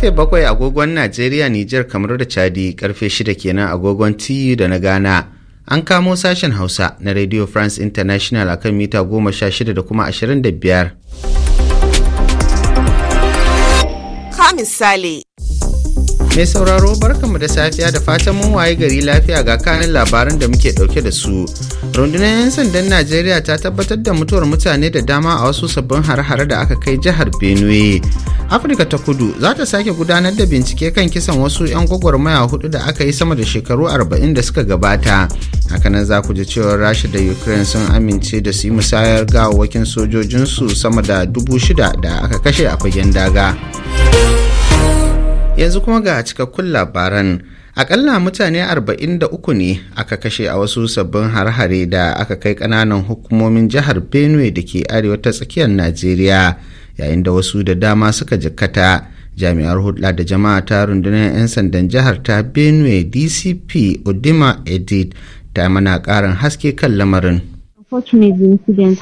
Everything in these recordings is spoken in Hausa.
karfe bakwai agogon Najeriya Nijar kamar da Chadi karfe shida kenan agogon TU da na Ghana. An kamo sashen Hausa na Radio France International akan mita goma sha shida da kuma ashirin da biyar. Ka Mai sauraro barkanmu da safiya da fatan mun waye gari lafiya ga kanin labaran da muke dauke da su. Rundunar 'yan sandan Najeriya ta tabbatar da mutuwar mutane da dama a wasu sabbin har-hare da aka kai jihar Benue. Afirka ta kudu za ta sake gudanar da bincike kan kisan wasu 'yan gwagwarmaya hudu da aka yi sama da shekaru arba'in da suka gabata. Hakanan za ku ji cewa Rasha da Ukraine sun amince da su yi musayar gawawwakin sojojinsu sama da dubu shida da aka kashe a fagen daga. yanzu kuma ga cikakkun labaran akalla mutane 43 ne aka kashe a wasu sabbin har-hare da aka kai kananan hukumomin jihar benue da ke arewa ta tsakiyar najeriya yayin da wasu da dama suka jikkata jami'ar hulɗa da jama'a ta rundunar 'yan sandan jihar ta benue dcp odima edit ta mana ƙarin haske kan lamarin Wannan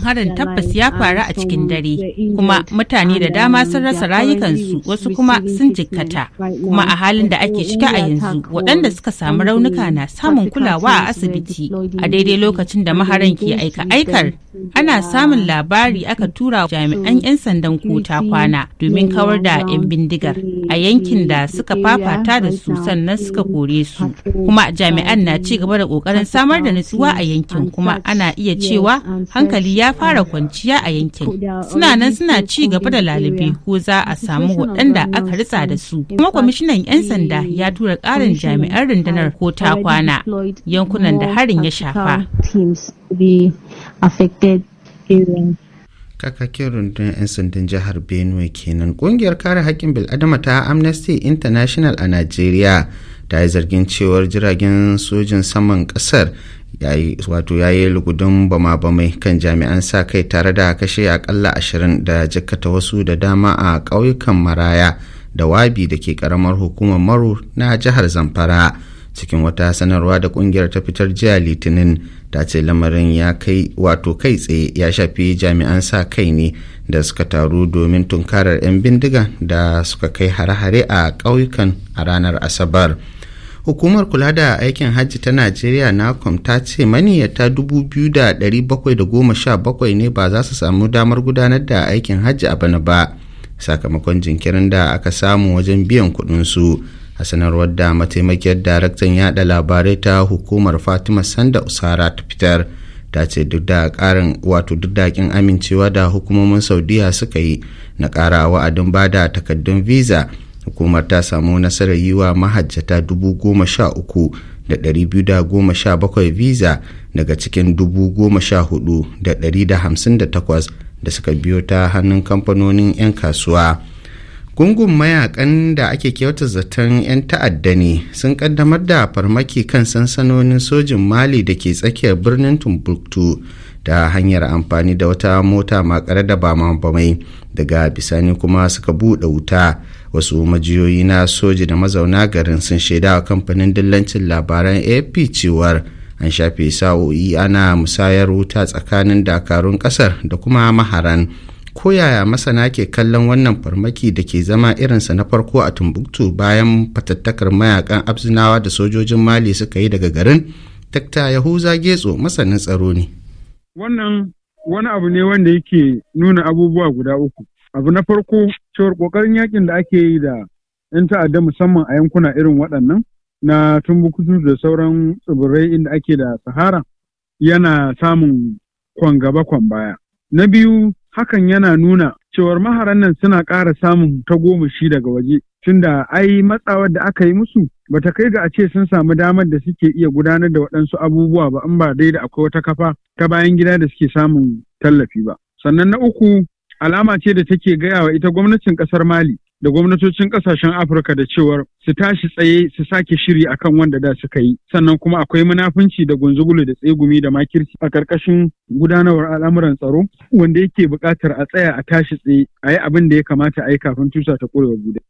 harin tabbas ya faru a cikin dare, kuma mutane da dama sun rasa rayukansu wasu kuma sun jikkata, kuma a halin da ake cike a yanzu waɗanda suka samu raunuka na samun kulawa a asibiti a daidai lokacin da maharan ke aika-aikar. Ana samun labari aka tura jami'an 'yan sandan kota kwana domin kawar da 'yan bindigar a yankin da suka fafata da su sannan suka kore su, kuma jami'an na ci gaba fara kokarin samar da nutsuwa a yankin kuma ana iya cewa hankali ya fara kwanciya a yankin suna nan suna ci gaba da lalube ko za a samu waɗanda aka ritsa da su kuma kwamishinan 'yan sanda ya tura ƙarin jami'an rundunar ko ta kwana yankunan da harin ya shafa. kakakin rundunar 'yan sandan jihar benue kenan kungiyar kare haƙƙin bil'adama ta amnesty international a nigeria ta yi zargin cewar jiragen sojin saman ƙasar wato ya yi lugudun bama-bamai kan jami'an sa kai tare da kashe akalla ashirin da jikkata wasu da dama a ƙauyukan maraya da wabi da ke ƙaramar hukumar maru na jihar zamfara cikin wata sanarwa da kungiyar ta fitar jiya litinin ta ce lamarin ya kai wato kai tsaye ya shafi jami'an sa kai ne da suka taru domin tunkarar 'yan bindiga da suka kai hare-hare a ƙauyukan a ranar asabar hukumar kula da aikin hajji ta najeriya nacom ta ce maniyyata bakwai ne ba za su samu damar gudanar da aikin hajji a bana ba sakamakon jinkirin da aka samu wajen biyan kuɗinsu su a sanarwar da mataimakiyar daraktan yada labarai ta hukumar fatima sanda usara ta fitar ta ce duk da karin wato duk da kin amincewa da hukumomin saudiya suka yi na kara wa'adin bada takaddun visa hukumar ta samu nasarar yi wa mahajjata dubu goma sha uku da ɗari biyu da goma sha bakwai visa daga cikin dubu goma sha hudu da ɗari da hamsin da takwas da suka biyo ta hannun kamfanonin 'yan kasuwa gungun mayakan da ake kyauta zaton 'yan ta'adda ne sun kaddamar da farmaki kan sansanonin sojin mali da ke tsakiyar birnin tumbuktu ta hanyar amfani da wata mota makare da bama bamai daga bisani kuma suka buɗe wuta wasu majiyoyi na soji da mazauna garin sun shaida wa kamfanin dillancin labaran ap cewar an shafe sa'o'i ana musayar wuta tsakanin dakarun kasar da kuma maharan koyaya masana ke kallon wannan farmaki da ke zama irinsa na farko a tumbuktu bayan fatattakar mayakan abzinawa da sojojin mali suka yi daga garin takta yahuza getso masanin tsaro ne wannan wani abu ne wanda yake nuna abubuwa guda uku abu na farko cewar kokarin yakin da ake yi da 'yan ta'adda musamman a yankuna irin waɗannan na tumbuktu da sauran tsibirai inda ake da sahara yana samun kwan gaba kwan baya na biyu hakan yana nuna cewar maharan nan suna ƙara samun tagomashi daga waje tunda ai matsawar da aka yi musu bata kai ga a ce sun samu damar da suke iya gudanar da waɗansu abubuwa ba in ba dai da akwai wata kafa ta bayan gida da suke samun tallafi ba sannan na uku alama ce da take gaya wa ita gwamnatin ƙasar mali da gwamnatocin kasashen Afirka da cewar su tashi tsaye su sake shiri akan wanda da suka yi sannan kuma akwai munafunci da gunzugulu da tsegumi da makirci a karkashin gudanarwar al'amuran tsaro wanda yake buƙatar a tsaya a tashi tsaye a yi abin da ya kamata a yi kafin tusa ta ƙurewa guda.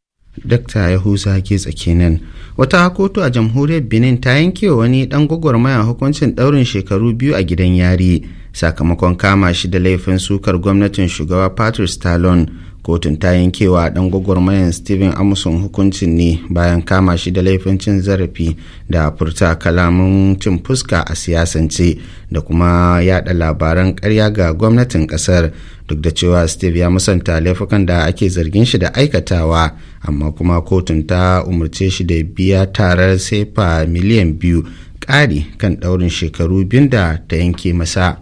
Dakta Yahuza tsaki kenan. Wata kotu a jamhuriyar Benin ta yanke wa wani dan gwagwarmaya hukuncin ɗaurin shekaru biyu a gidan yari sakamakon kama shi da laifin sukar gwamnatin shugaba Patrice Talon kotun ta yankewa dan gwagwarmayan steven amuson hukuncin ne bayan kama shi da laifin cin zarafi da furta kalamin cin fuska a siyasance da kuma yada labaran karya ga gwamnatin kasar duk da cewa steve ya musanta laifukan da ake zargin shi da aikatawa amma kuma kotun ta umarce shi da biya tarar sefa miliyan biyu kari kan ɗaurin shekaru biyun da ta yanke masa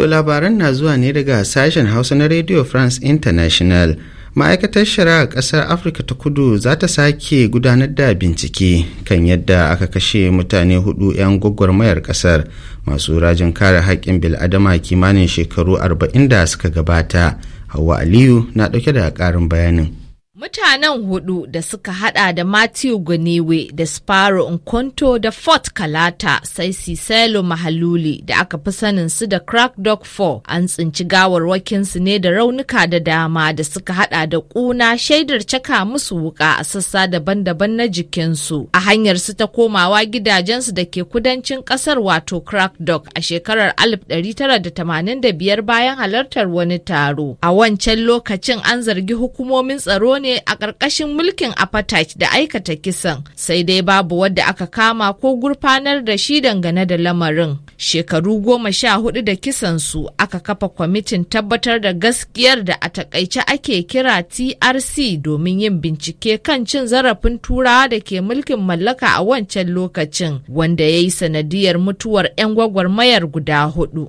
To labaran na zuwa ne daga sashen Hausa na Radio France International. Ma'aikatar shari'a ƙasar Afirka ta kudu za ta sake gudanar da bincike kan yadda aka kashe mutane hudu 'yan gwagwarmayar ƙasar masu rajin kare haƙƙin bil'adama kimanin shekaru 40 da suka gabata. Hauwa Aliyu na ɗauke da ƙarin bayanin. Mutanen hudu da suka hada da Matthew Gwanewe da Sparrow Nkonto da Fort Kalata sai Siselo Mahaluli da aka fi sanin su da Crack Dog 4 an tsinci gawarwakinsu ne da raunuka da dama da suka hada da kuna shaidar caka musu wuka a sassa daban-daban na jikinsu a hanyar su ta komawa gidajensu da ke kudancin kasar wato Crack Dog a shekarar 1985 bayan halartar wani taro. A wancan lokacin an zargi hukumomin tsaro ne ne a ƙarƙashin mulkin apartheid da aikata kisan sai dai babu wadda aka kama ko gurfanar da shi dangane da lamarin shekaru goma sha hudu da kisan su aka kafa kwamitin tabbatar da gaskiyar da a takaice ake kira trc domin yin bincike kan cin zarafin turawa da ke mulkin mallaka a wancan lokacin wanda ya yi sanadiyar mutuwar 'yan gwagwarmayar guda hudu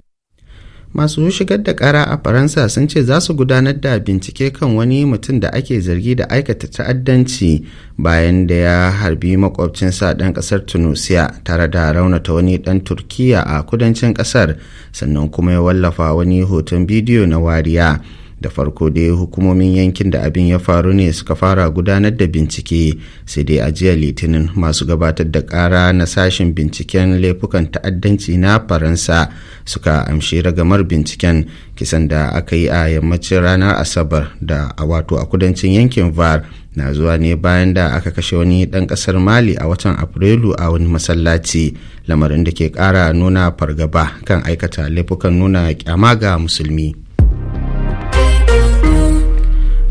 masu shigar da kara a faransa sun ce za su gudanar da bincike kan wani mutum da ake zargi da aikata ta'addanci bayan da ya harbi makwabcinsa ɗan ƙasar tunisia tare da raunata wani ɗan turkiya a kudancin ƙasar sannan kuma ya wallafa wani hoton bidiyo na wariya da farko dai hukumomin yankin da abin ya faru ne suka fara gudanar da bincike sai dai a jiya litinin masu gabatar da kara na sashen binciken laifukan ta'addanci na faransa suka amshi ragamar binciken kisan da aka yi a yammacin ranar asabar da a wato a kudancin yankin var na zuwa ne bayan da aka kashe wani ɗan ƙasar mali a watan afrilu a wani masallaci lamarin da ke ƙara nuna fargaba kan aikata laifukan nuna kyama ga musulmi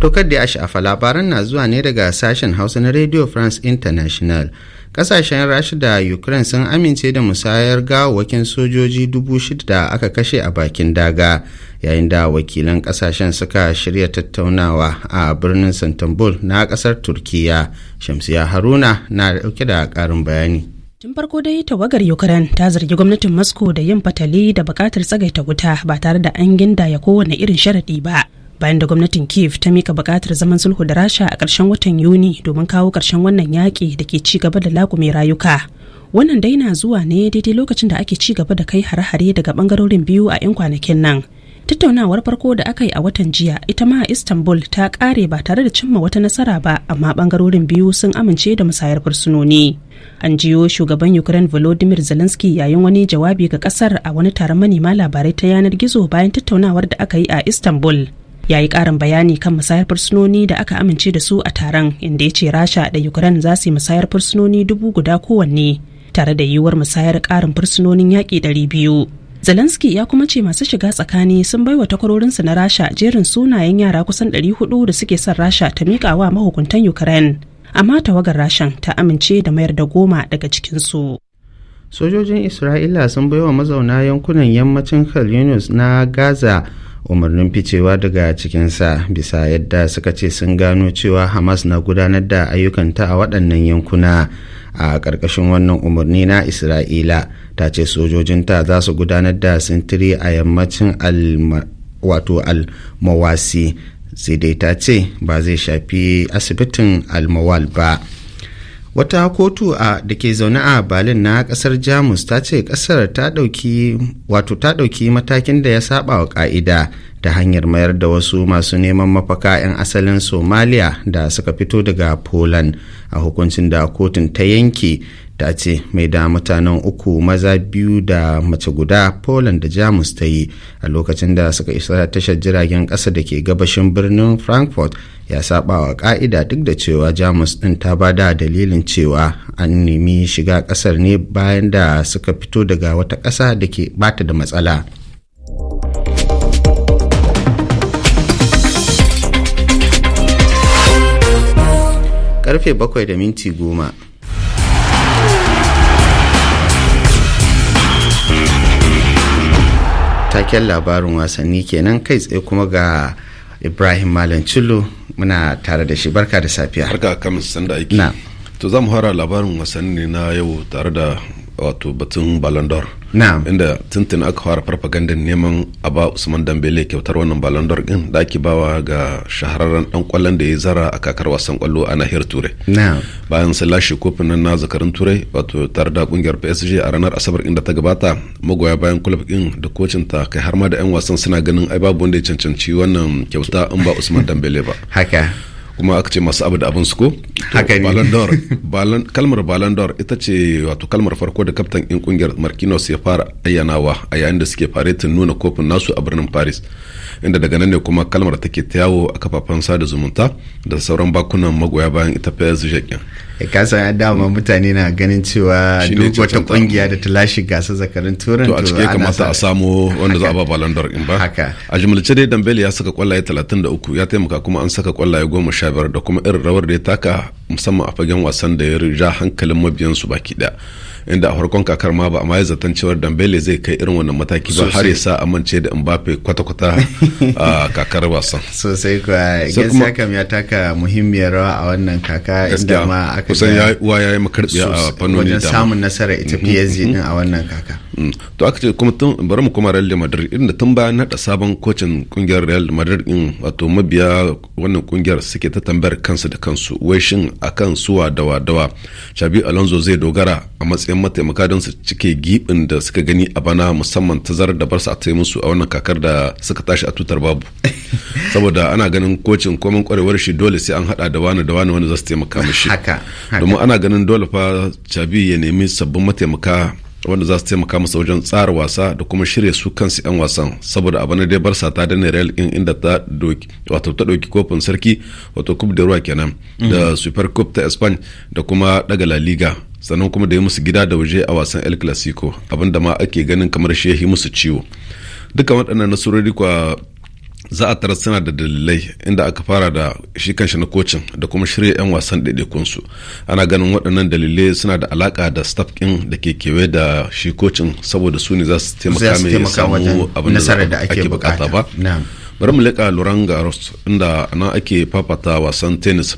To da ya sha'afa labaran na zuwa ne daga sashen hausa na radio france international kasashen rasha da ukraine sun amince da musayar gawawakin sojoji dubu shida da aka kashe a bakin daga yayin da wakilan kasashen suka shirya tattaunawa a birnin santambul na kasar turkiya shamsiya haruna na dauke da karin bayani Tun farko dai tawagar Ukraine ta zargi gwamnatin Moscow da yin fatali da bukatar tsagaita wuta ba tare da an ginda ya kowane irin sharaɗi ba. bayan da gwamnatin kiev ta mika bukatar zaman sulhu da rasha a ƙarshen watan yuni domin kawo ƙarshen wannan yaƙi da ke ci gaba da lakume rayuka wannan dai na zuwa ne daidai lokacin da ake ci gaba da kai hare-hare daga bangarorin biyu a 'yan kwanakin nan tattaunawar farko da aka yi a watan jiya ita ma a istanbul ta ƙare ba tare da cimma wata nasara ba amma bangarorin biyu sun amince da musayar fursunoni an jiyo shugaban ukraine volodymyr zelensky yayin wani jawabi ga kasar a wani taron manema labarai ta yanar gizo bayan tattaunawar da aka yi a istanbul ya yi ƙarin bayani kan musayar fursunoni da aka amince da su a taron inda ya ce rasha da ukraine za su yi musayar fursunoni dubu guda kowanne tare da yiwuwar musayar ƙarin fursunonin yaƙi ɗari biyu zelensky ya kuma ce masu shiga tsakani sun baiwa takwarorinsu na rasha jerin sunayen yara kusan ɗari hudu da suke son rasha ta miƙa wa mahukuntan ukraine amma tawagar rashan ta amince da mayar da goma daga cikinsu sojojin isra'ila sun baiwa mazauna yankunan yammacin khan na gaza umarnin ficewa daga cikinsa bisa yadda suka ce sun gano cewa hamas na gudanar da ayyukanta a waɗannan yankuna a ƙarƙashin wannan umarni na isra'ila ta ce sojojinta za su gudanar da sintiri a yammacin al almawasi sai dai ta ce ba zai shafi asibitin al almawal ba wata kotu a da ke zaune a berlin na kasar jamus ta ce kasar ta ɗauki ta dauki matakin da ya saba wa ka'ida ta hanyar mayar da wasu masu neman mafaka 'yan asalin somalia da suka fito daga poland a hukuncin da kotun ta yanke ta ce mai da mutanen uku maza biyu da mace guda poland da jamus ta yi a lokacin da suka isa tashar jiragen ƙasa da ke gabashin birnin frankfurt ya saba wa ka'ida duk da cewa jamus ɗin ta ba da dalilin cewa an nemi shiga ƙasar ne bayan da suka fito daga wata ƙasa da ke bata da matsala karfe 7 da minti goma taken labarin wasanni kenan kai tsaye kuma ga ibrahim malam cillo muna tare da shi barka da safiya barka kamis sanda aiki to za mu fara labarin wasanni na yau tare da wato batun ballon na'am inda tuntun aka fara farfagandan neman a ba usman dambele kyautar wannan ballon d'or din da ake bawa ga shahararren dan kwallon da ya zara a kakar wasan kwallo a nahiyar turai na'am bayan sun lashe kofin nan na zakarin turai wato tare da kungiyar psg a ranar asabar inda ta gabata magoya bayan club din da kocin ta kai har ma da yan wasan suna ganin ai babu wanda ya cancanci wannan kyauta in ba usman dambele ba haka kuma aka ce masu abu da abin su ko haka ne ballon d'or kalmar ballon d'or ita ce wato kalmar farko da kaftan in kungiyar marquinhos ya fara ayyanawa a yayin da suke faretin nuna kofin nasu a birnin paris inda daga nan ne kuma kalmar take ta yawo a kafafen sada zumunta da sauran bakunan magoya bayan ita psg eh, ka san ya dama mutane na ganin cewa duk wata kungiya da ta lashe gasa zakarin turan to a cike kamata a samo wanda za a ba ballon d'or in ba a jumlace dai dambeli ya saka kwallaye 33 ya taimaka kuma an saka kwallaye 10 Jabar da kuma irin rawar da ya taka musamman a fagen wasan da ya rija hankalin mabiyansu baki ɗaya. inda a farkon kakar ma ba a maye zaton cewar dambele zai kai irin wannan mataki ba har ya sa amince da mbappe kwata-kwata a kakar wasan sosai kuwa gaskiya kam ya taka muhimmiyar rawa a wannan kaka inda ma aka kusan ya uwa ya yi makarbi a fannoni da samun nasara ita mm-hmm, PSG mm-hmm. din a wannan kaka mm. to aka ce kuma tun bari mu kuma Real Madrid inda tun bayan nada sabon kocin kungiyar Real Madrid din wato mabiya wannan kungiyar suke ta tambayar kansu da kansu wai shin akan suwa dawa dawa Xabi Alonso zai dogara a matsayin yan mataimaka don su cike gibin da suka gani a bana musamman tazarar da barsa a ta musu a wannan kakar da suka tashi a tutar babu saboda ana ganin kocin komin kwarewar shi dole sai an hada da wani da wani wani za su taimaka mishi domin ana ganin dole fa cabi ya nemi sabbin mataimaka wanda za su taimaka masa wajen tsara wasa da kuma shirya su kansu 'yan wasan saboda abu na dai barsa ta dane real in inda ta doki wato ta doki kofin sarki wato kub da ruwa kenan mm. da super cup ta spain da kuma daga la liga sannan kuma da ya musu gida da waje a wasan el clasico abinda ma ake ganin kamar shehi musu ciwo duka waɗannan nasarori kwa za a tarar suna da dalilai inda aka fara da shi kanshi na kocin da kuma shirya 'yan wasan ɗaiɗaikunsu ana ganin waɗannan dalilai suna da alaƙa da staff ɗin da ke kewaye da shi kocin saboda su ne za su taimaka mai samu abin da ake bukata ba bari mu leƙa loran inda nan ake fafata wasan tennis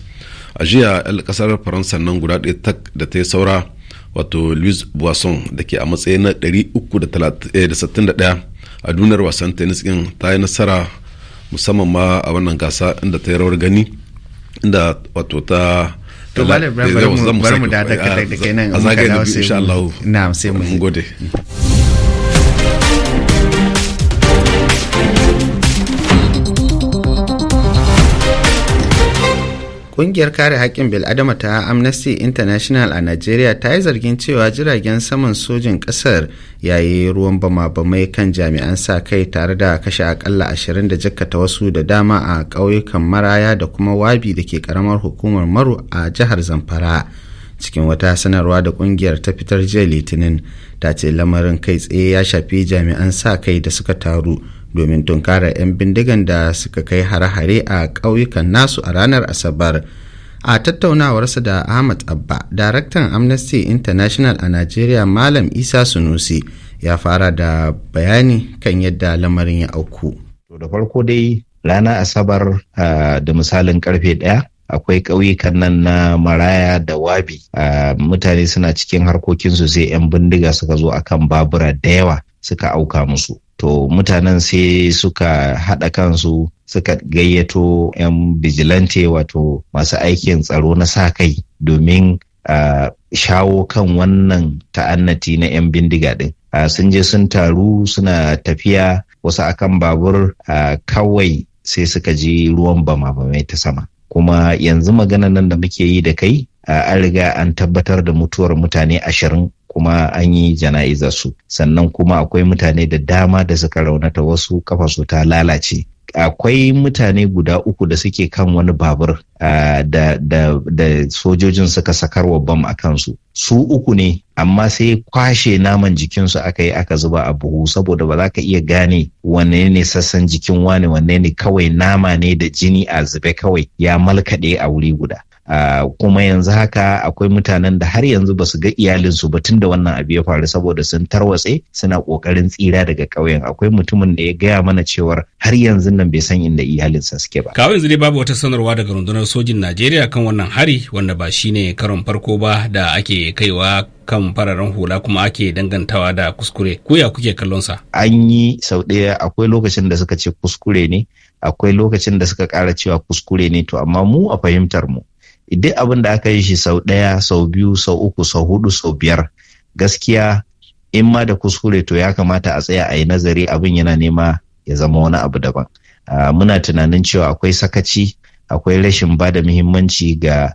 a jiya kasar faransa nan guda ɗaya da ta yi saura wato louis boisson da ke a matsayi na 361 eh, a duniyar wasan tennis din ta yi nasara musamman ma a wannan gasa inda ta yi rawar gani inda wato ta to bari mu da kai nan insha Allah na sai mu gode Ƙungiyar kare haƙƙin bil'adama ta Amnesty International a Najeriya ta yi zargin cewa jiragen saman sojin ƙasar yayi ruwan bama-bamai kan jami'an sa kai tare da kashe akalla ashirin da jakkata wasu da dama a ƙauyukan Maraya da kuma Wabi da ke ƙaramar hukumar Maru a jihar Zamfara. cikin wata sanarwa da kungiyar ta fitar jiya litinin ta ce lamarin kai tsaye ya shafi jami'an sa kai da suka taru domin tunkara 'yan bindigan da suka kai hare-hare a ƙauyukan nasu a ranar asabar a tattaunawarsa da ahmad abba daraktan amnesty international a nigeria malam isa sunusi ya fara da bayani kan yadda lamarin ya auku da farko dai ranar asabar ah, da misalin karfe ɗaya akwai ƙauyukan nan na maraya da wabi mutane suna cikin harkokinsu sai 'yan bindiga suka zo akan babura da yawa suka auka musu to mutanen sai suka haɗa kansu suka gayyato 'yan bijilante wato masu aikin tsaro na sa kai domin a shawo kan wannan ta'annati na 'yan bindiga ɗin sun je sun taru suna tafiya wasu akan babur kawai sai suka ji ruwan bama ta sama kuma yanzu magana nan da muke yi da kai an riga an tabbatar da mutuwar mutane ashirin kuma an yi jana'izar su sannan kuma akwai mutane da dama da suka raunata wasu kafa su ta lalace akwai mutane guda uku da suke kan wani babur da, da, da sojojin suka sakarwa bam a kansu su uku ne amma sai kwashe naman jikinsu aka yi aka zuba a buhu saboda ba za ka iya gane wanne ne sassan jikin wane wanne ne kawai nama ne da jini a zube kawai ya malkaɗe a wuri guda kuma yanzu haka akwai mutanen da har yanzu ba su ga iyalinsu ba tun da wannan abu ya faru saboda sun tarwatse suna kokarin tsira daga ƙauyen akwai mutumin da ya gaya mana cewar har yanzu nan bai san inda iyalinsa suke ba. Kawai yanzu dai babu wata sanarwa daga rundunar sojin Najeriya kan wannan hari wanda ba shi ne karon farko ba da ake kaiwa kan fararen hula kuma ake dangantawa da kuskure ko ya kuke kallonsa an yi sau ɗaya akwai lokacin da suka ce kuskure ne akwai lokacin da suka ƙara cewa kuskure ne to amma mu a fahimtar mu duk abin da aka yi shi sau ɗaya sau biyu sau uku sau hudu sau biyar gaskiya in ma da kuskure to ya kamata a tsaya a yi nazari abin yana nema ya zama wani abu daban muna tunanin cewa akwai sakaci akwai rashin ba da muhimmanci ga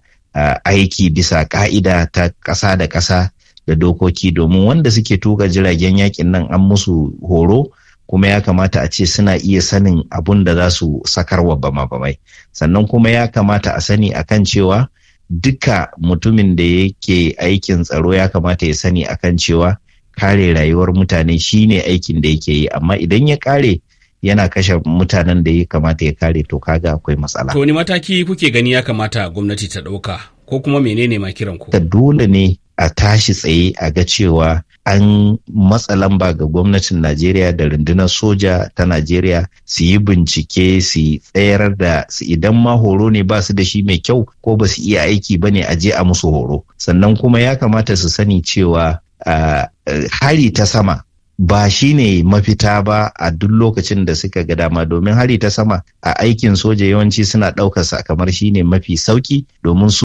aiki bisa ka'ida ta ƙasa da ƙasa da dokoki domin wanda suke tuka jiragen yakin nan an musu horo kuma ya kamata a ce suna iya sanin abun da za su sakarwa bama-bamai sannan kuma ya kamata a sani akan cewa duka mutumin da yake aikin tsaro ya kamata ya sani akan cewa kare rayuwar mutane shi ne aikin da yake yi amma idan ya kare yana kashe mutanen da ya kamata ya kare to kaga akwai matsala. To ni mataki kuke gani ya kamata gwamnati ta ɗauka ko kuma menene ma kiran ku? dole ne a tashi tsaye a ga cewa an matsa lamba ga gwamnatin Najeriya da rundunar soja ta Najeriya su yi bincike su tsayar da su idan ma horo ne ba su da shi mai kyau ko ba su iya aiki ba ne a je a musu horo. Sannan kuma ya kamata su sani cewa hari ta sama ba shi ne mafita ba a duk lokacin da suka ga dama domin hari ta sama a aikin soja yawanci suna ɗaukarsa kamar shi ne mafi sauki domin su